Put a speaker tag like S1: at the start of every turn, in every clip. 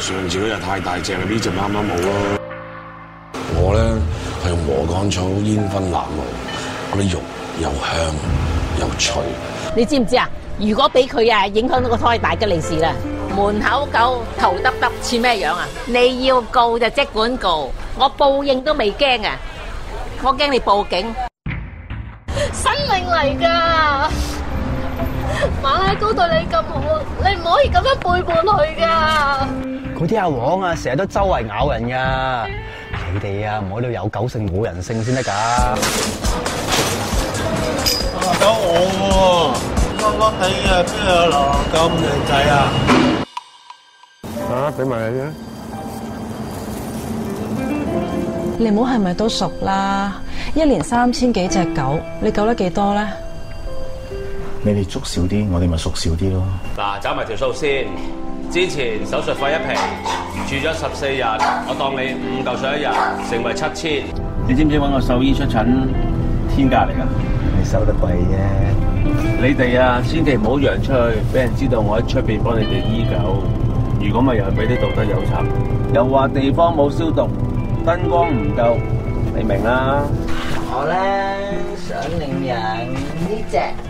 S1: 上次嗰隻太大隻啦，呢隻啱啱好咯。我咧係用禾稈草煙熏臘肉，嗰啲肉又香又
S2: 脆。你知唔知啊？如果俾佢啊，影響到個胎，大吉利是啦！門口狗頭耷耷，似咩樣啊？你要告就即管告，我報應都未驚啊！我驚你報警，生命嚟㗎。阿哥對你咁好，你唔可以咁樣背叛佢噶。嗰啲阿黃啊，成日都周圍咬人噶。你哋啊，
S1: 唔可以有狗性冇人性先得噶。
S2: 狗我喎，笠笠地啊，邊有咁靚
S1: 仔啊？啊，俾埋你先。
S2: 你唔好係咪都熟啦？一年三千幾隻狗，你狗得幾多咧？
S1: 你哋捉少啲，我哋咪縮少啲咯。嗱，找埋條數先。之前手術費一平，住咗十四日，我當你五嚿水一日，成為七千。你知唔知揾個獸醫出診天價嚟噶？你收得貴啫。你哋啊，千祈唔好揚出去，俾人知道我喺出邊幫你哋醫狗。如果咪又係俾啲道德友仇，又話地方冇消毒，燈光唔夠，你明啦、啊。我咧想領養呢隻。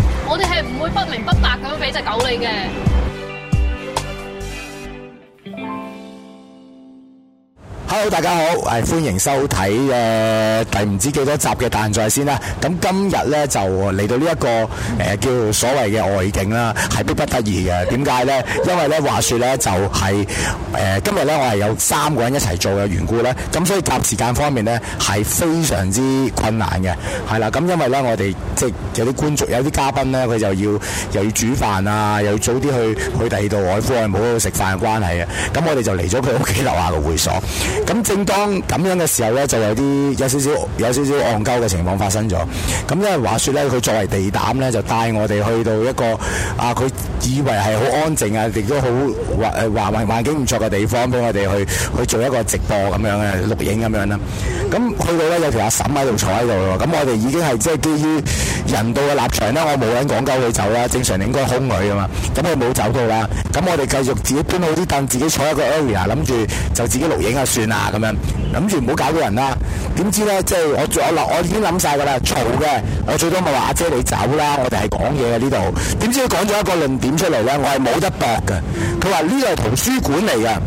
S2: 我哋係唔會不明不白咁樣俾隻狗你嘅。
S1: hello，大家好，誒、uh, 歡迎收睇誒、uh, 第唔知幾多集嘅《達仁在線》啦。咁今日咧就嚟到呢、這、一個誒、呃、叫做所謂嘅外景啦，係逼不得已嘅。點解咧？因為咧話説咧就係、是、誒、呃、今日咧我係有三個人一齊做嘅緣故咧，咁所以夾時間方面咧係非常之困難嘅，係啦。咁因為咧我哋即係有啲觀眾、有啲嘉賓咧，佢就要又要煮飯啊，又要早啲去去第二度外父外母食飯嘅關係嘅、啊，咁我哋就嚟咗佢屋企樓下嘅會所。咁正當咁樣嘅時候呢就有啲有少少有少少戇鳩嘅情況發生咗。咁因為話説呢，佢作為地膽呢，就帶我哋去到一個啊，佢以為係好安靜啊，亦都好環、啊、環境唔錯嘅地方，俾我哋去去做一個直播咁樣嘅錄影咁樣啦。咁去到咧有條阿嬸喺度坐喺度咯，咁我哋已經係即係基於人道嘅立場咧，我冇人講鳩佢走啦，正常你應該兇佢噶嘛，咁佢冇走到啦，咁我哋繼續自己搬好啲凳，自己坐一個 area，諗住就自己錄影啊算啦咁樣，諗住唔好搞到人啦。點知咧即係我我，我已經諗晒噶啦，嘈嘅，我最多咪話阿姐你走啦，我哋係講嘢嘅呢度。點知佢講咗一個論點出嚟咧，我係冇得駁嘅。佢話呢度係圖書館嚟嘅。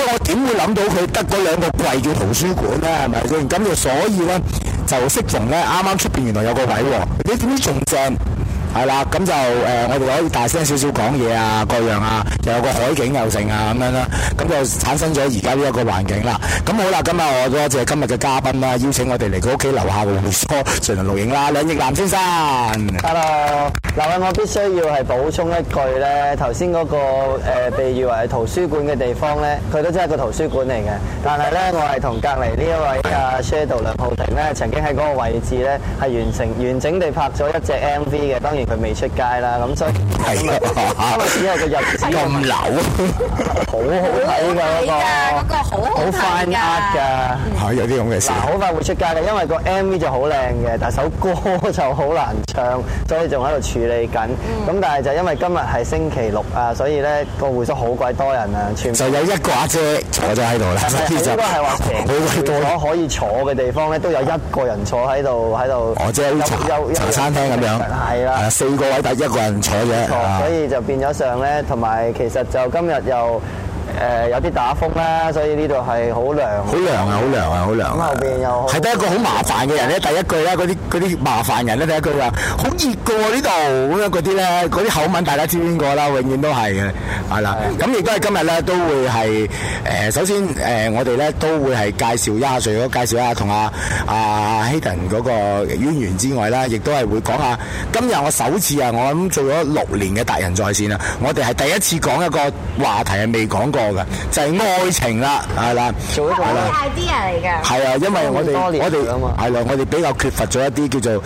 S1: 即係我點會諗到佢得嗰兩個櫃嘅圖書館咧，係咪先？咁就所以咧，就適逢咧，啱啱出邊原來有個位喎。你點知仲正？係啦，咁就誒，我哋可以大聲少少講嘢啊，各樣啊，又有個海景又剩啊，咁樣啦，咁就產生咗而家呢一個環境啦。咁好啦，今日我多謝今日嘅嘉賓啦，邀請我哋嚟佢屋企樓下嘅露舖進行錄影啦，梁奕藍先生。Hello，嗱，我必須要係，補充一
S2: 句咧，頭先嗰個誒，被譽為係圖書館嘅地方咧，佢都真係一個圖書館嚟嘅。但係咧，我係同隔離呢一位啊 Shadow 梁皓婷咧，曾經喺嗰個位置咧，係完成完整地拍咗一隻 MV 嘅。當佢未出街啦，咁所以係啊，只有
S1: 個日子咁扭，好好睇㗎嗰個，
S2: 好快㗎，
S1: 係有啲咁嘅事，好
S2: 快會出街啦，因為個 MV 就好靚嘅，但係首歌就好難唱，所以仲喺度處理緊。咁但係就因為今日係星期六啊，所以咧個會所好鬼多人啊，全就有一
S1: 個阿姐坐咗喺
S2: 度啦，應該係話每個可以坐嘅地方咧，都有一個人坐喺度，喺度，有茶餐廳咁樣，係啦。四個位，但一個人坐嘅，錯啊、所以就變咗上咧，同埋其實就今日又。誒、呃、有啲打風啦，所以呢度係好涼。好涼啊！好涼啊！好
S1: 涼。咁後邊
S2: 又係
S1: 得一個好麻煩嘅人咧。第一句咧，嗰啲啲麻煩人咧，第一句話好熱㗎喎、啊，呢度咁樣嗰啲咧，嗰啲口吻大家知邊個啦，永遠都係嘅，係啦。咁亦都係今日咧，都會係誒、呃、首先誒、呃，我哋咧都會係介紹一帥嗰個介紹一下同阿阿希頓嗰個淵源之外啦，亦都係會講下今日我首次啊，我諗做咗六年嘅達仁在線啊，我哋係第一次講一個話題係未講過。就係愛情啦，係啦，係啦，係
S2: 啲人嚟嘅。係啊的，的因為我哋我哋
S1: 係啦，我哋比較缺乏咗一啲叫做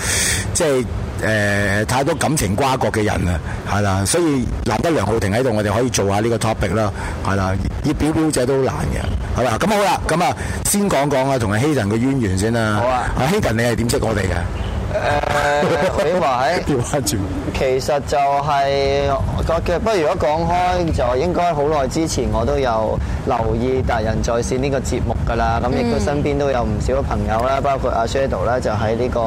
S1: 即係誒、呃、太多感情瓜葛嘅人啊，係啦，所以難得梁皓婷喺度，我哋可以做下呢個 topic 啦，係啦，啲表表姐都好難嘅，係啦。咁好啦，咁啊先講講啊，同阿希頓嘅淵源先啦。好啊，阿希頓，你係點識我哋
S2: 嘅？誒，你話喺。你好，阿其實就係個嘅，不如如果講開，就應該好耐之前我都有留意《達仁在線》呢個節目㗎啦。咁亦都身邊都有唔少嘅朋友啦，包括阿 Shadow 啦，就喺呢個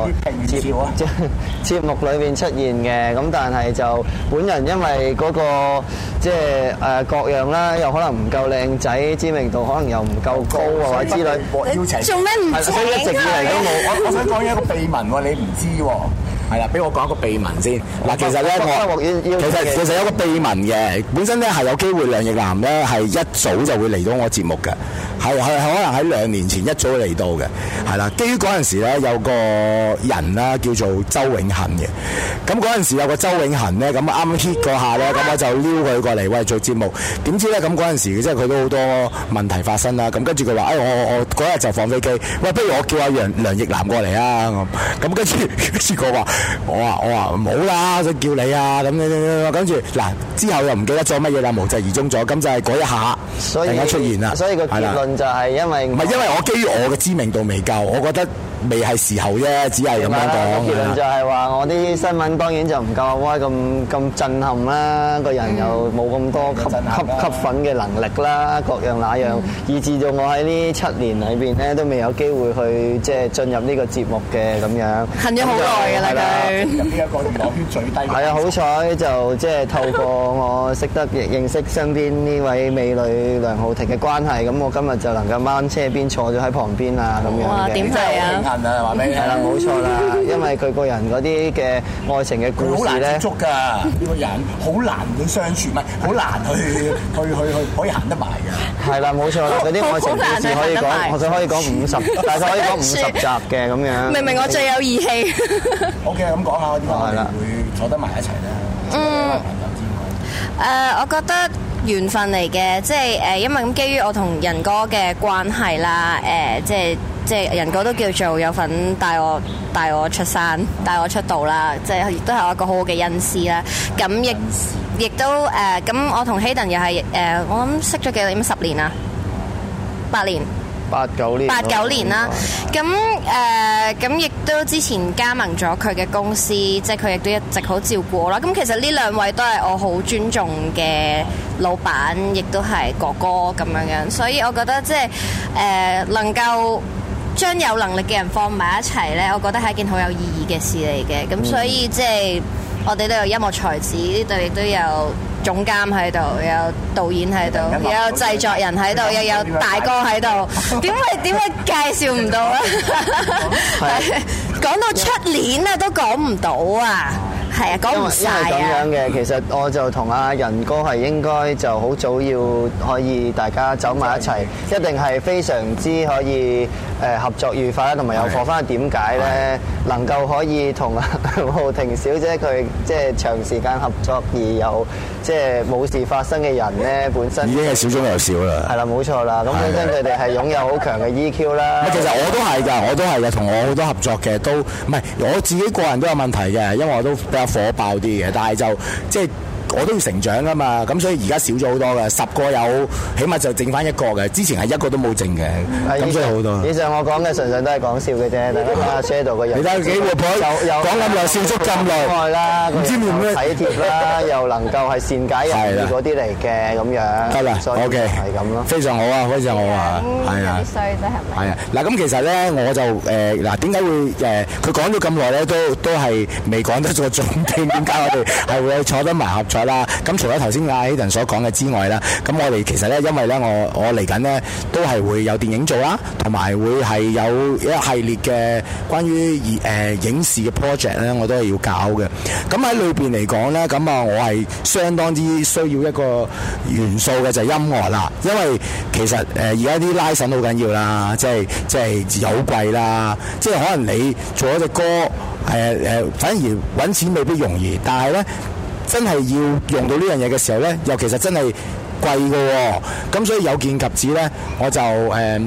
S2: 節目裏面出現嘅。咁但係就本人因為嗰個即係誒各樣啦，又可能唔夠靚仔，知名度可能又唔
S1: 夠高啊，或者之類。你做咩唔請？所以一直以嚟都冇我，我我想講一個秘聞喎，你唔知喎。係啦，俾我講一個秘聞先。嗱，其實咧，其實其實有個秘聞嘅，本身咧係有機會梁奕藍咧係一早就會嚟到我節目嘅，係係可能喺兩年前一早嚟到嘅，係啦。基於嗰陣時咧有個人啦，叫做周永恒嘅，咁嗰陣時有個周永恒咧，咁啊啱 hit 嗰下咧，咁我就撩佢過嚟喂做節目。點知咧，咁嗰陣時即係佢都好多問題發生啦。咁跟住佢話誒，我我嗰日就放飛機，喂，不如我叫阿梁梁奕藍過嚟啊咁，跟住跟住我話。我話我話冇啦，想叫你啊，咁跟住嗱，之後又唔記得咗乜嘢啦，無疾而終咗，咁就係嗰一下突然間出現啦。所以個結論就係因為唔係因為我基於我嘅知名度未夠，我覺得。未係時候啫，只係咁樣講。結論就係
S2: 話，我啲新聞當然就唔夠威咁咁震撼啦，個人又冇咁多吸吸吸粉嘅能力啦，各樣那樣，以至到我喺呢七年裏邊咧都未有機會去即係進入呢個節目嘅咁樣。恨咗好耐嘅啦，佢。入係啊，好彩就即係透過我識得認識身邊呢位美女梁皓婷嘅關係，咁我今日就能夠掹車邊坐咗喺旁邊啊咁樣嘅。哇！點嚟啊？話俾你係啦，冇錯啦，因為佢個人嗰啲嘅愛情嘅故事咧，呢個
S1: 人好難去相處，唔係好難去去去去可以行得埋嘅。係
S2: 啦，冇錯啦，嗰啲愛情故事可以講，或者可以講五十，大概可以講五十集嘅咁樣。明明我最有義氣。
S1: OK，咁講下點解會坐得埋一齊
S2: 咧？嗯，之外，誒，我覺得緣分嚟嘅，即係誒，因為咁基於我同仁哥嘅關係啦，誒，即係。即係人哥都叫做有份帶我帶我出山帶我出道啦，即係亦都係我一個好好嘅恩師啦。咁 亦亦都誒，咁、呃、我同希 a 又係誒、呃，我諗識咗幾點十年啊？八年，八九年，八九年啦。咁誒，咁、啊呃、亦都之前加盟咗佢嘅公司，即係佢亦都一直好照顧我啦。咁其實呢兩位都係我好尊重嘅老闆，亦都係哥哥咁樣樣，所以我覺得即係誒、呃、能夠。將有能力嘅人放埋一齊呢，我覺得係一件好有意義嘅事嚟嘅。咁、嗯、所以即係、就是、我哋都有音樂才子，呢度亦都有總監喺度，有導演喺度，有製作人喺度，又有，有大哥喺度。點解點解介紹唔到， 到，到啊？講到出年啊，都講唔到啊！係啊，講唔曬因為咁樣嘅，啊、其實我就同阿仁哥係應該就好早要可以大家走埋一齊，一定係非常之可以誒合作愉快啦，同埋是的 又火翻。點解咧能夠可以同阿皓婷小姐佢即係長時間合作而有即係冇事發生嘅人咧本身已經係少
S1: 中有少啦。係啦，冇錯啦。咁本身佢哋
S2: 係擁有好強嘅 EQ 啦。
S1: 其實我都係㗎，我,我都係㗎，同我好多合作嘅都唔係我自己個人都有問題嘅，因為我都火爆啲嘅，但係就即係。我都要成長噶嘛，咁所以而家少咗好多嘅，十個有起碼就剩翻一個嘅，之前係一個都冇剩嘅，咁少好多。以
S2: 上我講嘅純粹都係講笑嘅啫，等下 share 到個人都幾活潑，又講咁耐，笑足咁耐啦，唔知會唔會體貼啦，又能夠係善
S1: 解人意嗰啲嚟嘅咁樣。得啦，OK，係咁咯，非常好啊，非常好啊，係啊，幾衰真係。係啊，嗱咁其實咧，我就誒嗱點解會誒佢講咗咁耐咧，都都係未講得咗重點，點解我哋係會坐得埋合座？啦，咁除咗頭先阿 Eden 所講嘅之外啦，咁我哋其實咧，因為咧，我我嚟緊咧都係會有電影做啦，同埋會係有一系列嘅關於而影視嘅 project 咧，我都係要搞嘅。咁喺裏邊嚟講咧，咁啊，我係相當之需要一個元素嘅就係音樂啦，因為其實誒而家啲拉神好緊要啦，即係即係好貴啦，即係可能你做一隻歌誒誒、呃，反而揾錢未必容易，但係咧。真係要用到呢樣嘢嘅時候呢，又其實真係貴嘅喎、哦，咁所以有見及此呢，我就誒。Uh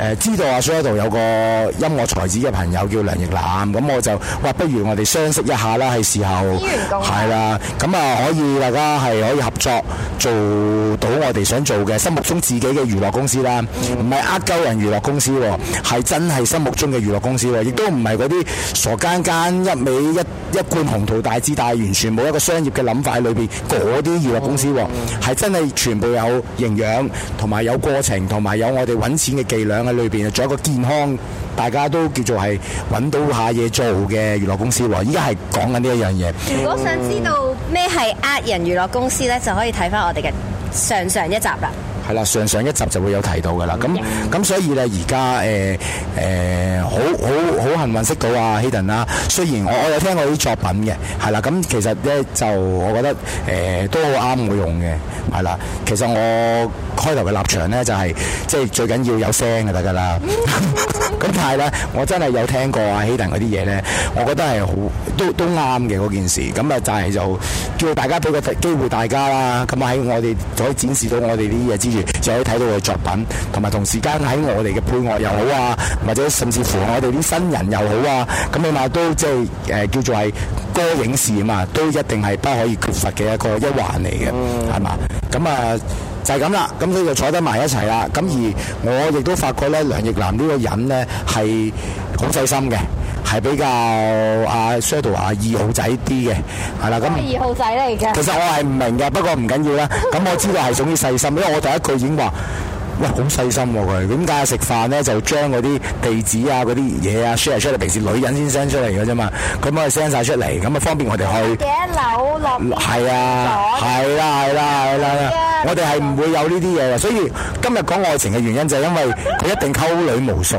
S1: 誒知道阿蘇威度有個音樂才子嘅朋友叫梁奕藍，咁我就話不如我哋相識一下啦，係時候，係啦，咁啊可以大家係可以合作做到我哋想做嘅心目中自己嘅娛樂公司啦，唔係呃鳩人娛樂公司係真係心目中嘅娛樂公司，亦都唔係啲傻奸奸一味一一貫鴻圖大志，但係完全冇一個商業嘅諗法。裏邊啲娛樂公司係、嗯、真係全部有營養同埋有過程，同埋有，有我哋揾錢嘅伎倆。喺裏邊仲有一個健康，大家都叫做係搵到下嘢做嘅娛樂公司喎。依家係講緊呢一樣嘢。如果想知道
S2: 咩係呃人娛樂公司咧，就可以睇翻我哋嘅上上一集啦。
S1: 係啦，上上一集就會有提到㗎啦，咁咁所以咧而家誒誒好好好幸運識到啊希頓啦，雖然我我有聽過啲作品嘅，係啦，咁其實咧就我覺得誒、呃、都好啱我用嘅，係啦，其實我開頭嘅立場咧就係即係最緊要有聲嘅大家啦，咁 但係咧我真係有聽過啊希頓嗰啲嘢咧，我覺得係好都都啱嘅嗰件事，咁啊就係就叫大家俾個機會大家啦，咁喺我哋就可以展示到我哋啲嘢就可以睇到佢作品，同埋同時間喺我哋嘅配樂又好啊，或者甚至乎我哋啲新人又好啊，咁起碼都即係呃、叫做係歌影視啊嘛，都一定係不可以缺乏嘅一個一環嚟嘅，係嘛、嗯？咁啊、呃、就係咁啦，咁佢就坐得埋一齊啦。咁而我亦都發覺呢，梁奕藍呢個人呢係好細心嘅。係比較阿 Shadow 啊，二號仔啲嘅，係啦，咁。二
S2: 號仔嚟嘅。其實我係
S1: 唔明嘅，不過唔緊要啦。咁我知道係屬於細心， 因為我第一句已經話。哇，好細心，佢點解食飯咧，就將嗰啲地址啊、嗰啲嘢啊 share 出嚟，平時女人先 send 出嚟嘅啫嘛，佢幫佢 send 晒出嚟，咁啊方便我哋去。幾樓落？係啊，係啦，係啦，係啦。我哋係唔會有呢啲嘢嘅，所以今日講愛情嘅原因就係因為佢一定溝女無數，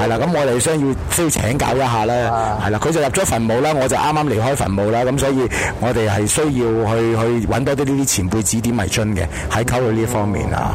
S1: 係啦，咁我哋需要需要請教一下啦，係啦，佢就入咗墳墓啦，我就啱啱離開墳墓啦，咁所以我哋係需要去去揾多啲呢啲前輩指點迷津嘅喺溝女呢一方面啊。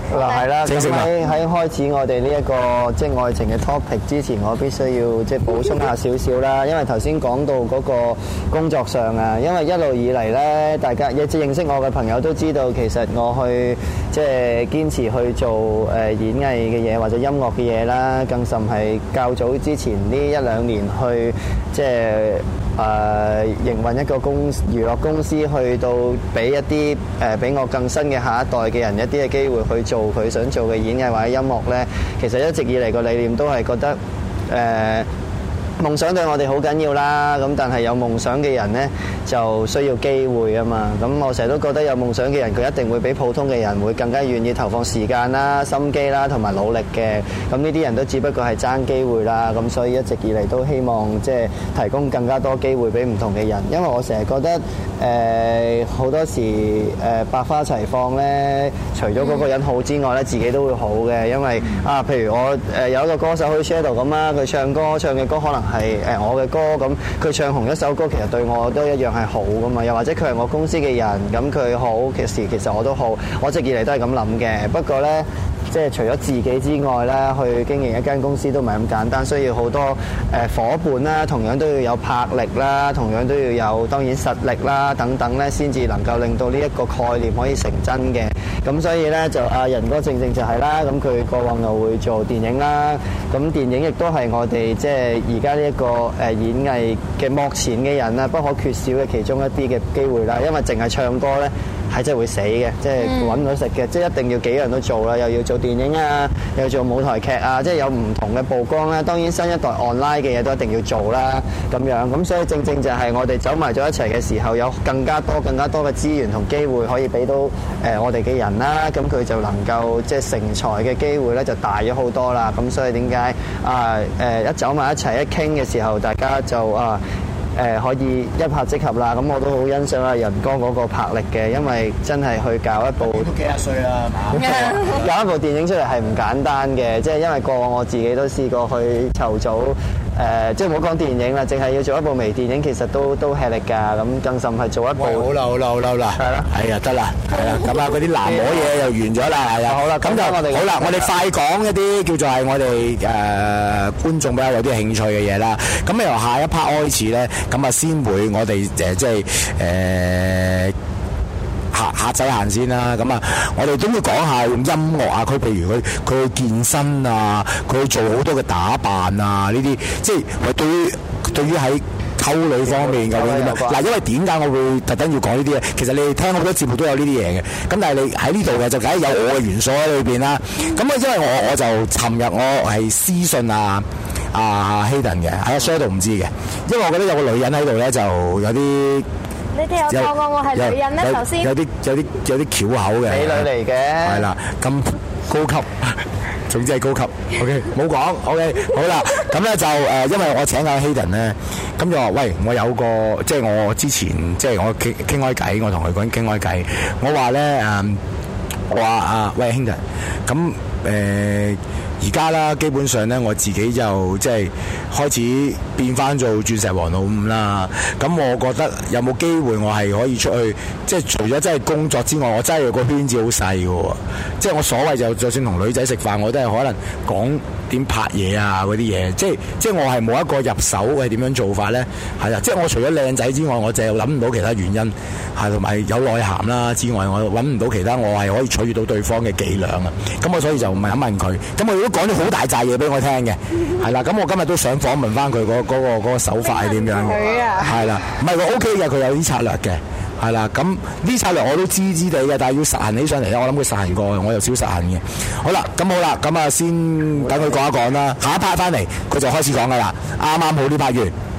S2: 嗱，係啦。咁喺喺開始我哋呢一個即係愛情嘅 topic 之前，我必須要即係補充下少少啦。因為頭先講到嗰個工作上啊，因為一路以嚟咧，大家一直認識我嘅朋友都知道，其實我去即係堅持去做誒演藝嘅嘢，或者音樂嘅嘢啦，更甚係較早之前呢一兩年去即係誒營運一個公司、娛樂公司，去到俾一啲誒比我更新嘅下一代嘅人一啲嘅機會去做。做佢想做嘅演藝或者音樂呢，其實一直以嚟個理念都係覺得，誒、呃，夢想對我哋好緊要啦。咁但係有夢想嘅人呢，就需要機會啊嘛。咁我成日都覺得有夢想嘅人，佢一定會比普通嘅人會更加願意投放時間啦、心機啦同埋努力嘅。咁呢啲人都只不過係爭機會啦。咁所以一直以嚟都希望即係提供更加多機會俾唔同嘅人，因為我成日覺得。誒好多時誒百花齊放咧，除咗嗰個人好之外咧，mm hmm. 自己都會好嘅，因為啊，譬如我誒有一個歌手好似 Shadow 咁啦，佢唱歌唱嘅歌可能係誒我嘅歌咁，佢唱紅一首歌，其實對我都一樣係好噶嘛，又或者佢係我公司嘅人，咁佢好嘅事其實我都好，我直以嚟都係咁諗嘅，不過咧。即係除咗自己之外咧，去經營一間公司都唔係咁簡單，需要好多、呃、伙伴啦，同樣都要有魄力啦，同樣都要有當然實力啦等等咧，先至能夠令到呢一個概念可以成真嘅。咁所以呢，就阿、啊、仁哥正正就係啦，咁佢過往又會做電影啦。咁電影亦都係我哋即係而家呢一個誒演藝嘅幕前嘅人啦，不可缺少嘅其中一啲嘅機會啦。因為淨係唱歌呢。係真係會死嘅，即係揾唔到食嘅，mm. 即係一定要幾樣都做啦，又要做電影啊，又做舞台劇啊，即係有唔同嘅曝光啦、啊。當然新一代 online 嘅嘢都一定要做啦，咁樣咁所以正正就係我哋走埋咗一齊嘅時候，有更加多、更加多嘅資源同機會可以俾到誒、呃、我哋嘅人啦、啊，咁佢就能夠即係成才嘅機會咧就大咗好多啦。咁所以點解啊誒一走埋一齊一傾嘅時候，大家就啊～、呃誒可以一拍即合啦，咁我都好欣賞阿仁哥嗰個魄力嘅，因為真係去搞一部都幾廿歲
S1: 啦， 搞
S2: 一部電影出嚟係唔簡單嘅，即係因為過往我自己都試過去籌組。誒、呃，即係唔好講電影啦，淨係要做一部微電影，其實都都吃力噶。咁更甚係做一部，好啦好啦好啦好啦，
S1: 係啦，係啊得啦，係啦的。咁啊，嗰啲難攞嘢，又完咗啦，係啦。好啦，咁就我哋好啦，我哋快講一啲叫做係我哋誒、呃、觀眾比較有啲興趣嘅嘢啦。咁由下一 part 開始咧，咁啊先會我哋誒、呃、即係誒。呃客客仔行先啦，咁啊，我哋都要講下用音樂啊，佢譬如佢佢健身啊，佢做好多嘅打扮啊，呢啲即係對於對於喺溝女方面咁樣嗱，因為點解我會特登要講呢啲咧？其實你哋聽好多節目都有呢啲嘢嘅，咁但係你喺呢度嘅就梗係有我嘅元素喺裏邊啦。咁啊，因為我我就尋日我係私信啊啊希頓嘅，喺啊所有都唔知嘅，因為我覺得有個女人喺度咧就有啲。
S2: 你聽我講過我係女人咧？頭先有啲
S1: 有啲有啲巧口嘅，美女嚟嘅，係啦，咁高級，總之係高級。O K，冇講。O K，好啦，咁咧就誒，因為我請阿 Hayden 咧，咁就話喂，我有個即係我之前即係我傾傾開偈，我同佢講傾開偈，我話咧誒，我話啊，喂，兄弟。咁誒而家啦，基本上呢，我自己就即係開始變翻做鑽石王老五啦。咁、嗯、我覺得有冇機會我係可以出去，即係除咗真係工作之外，我真係個圈子好細嘅。即係我所謂就就算同女仔食飯，我都係可能講點拍嘢啊嗰啲嘢。即係即係我係冇一個入手係點樣做法呢？係啊，即係我除咗靚仔之外，我就諗唔到其他原因係同埋有內涵啦之外，我諗唔到其他我係可以取到對方嘅伎倆。啊。咁我所以就唔係肯問佢，咁我如果講咗好大扎嘢俾我聽嘅，係啦， 咁我今日都想訪問翻佢嗰嗰個手法係點樣嘅，係啦，唔係佢 OK 嘅，佢有啲策略嘅，係啦，咁呢策略我都知知哋嘅，但係要實行起上嚟咧，我諗佢實行過，我又想實行嘅，好啦，咁好啦，咁啊先等佢講一講啦， 下一 part 翻嚟佢就開始講噶啦，啱啱好呢 part 完。